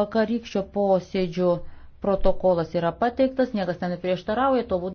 Vakarykščio posėdžio protokolas yra pateiktas, niekas ten neprieštarauja, to būdu.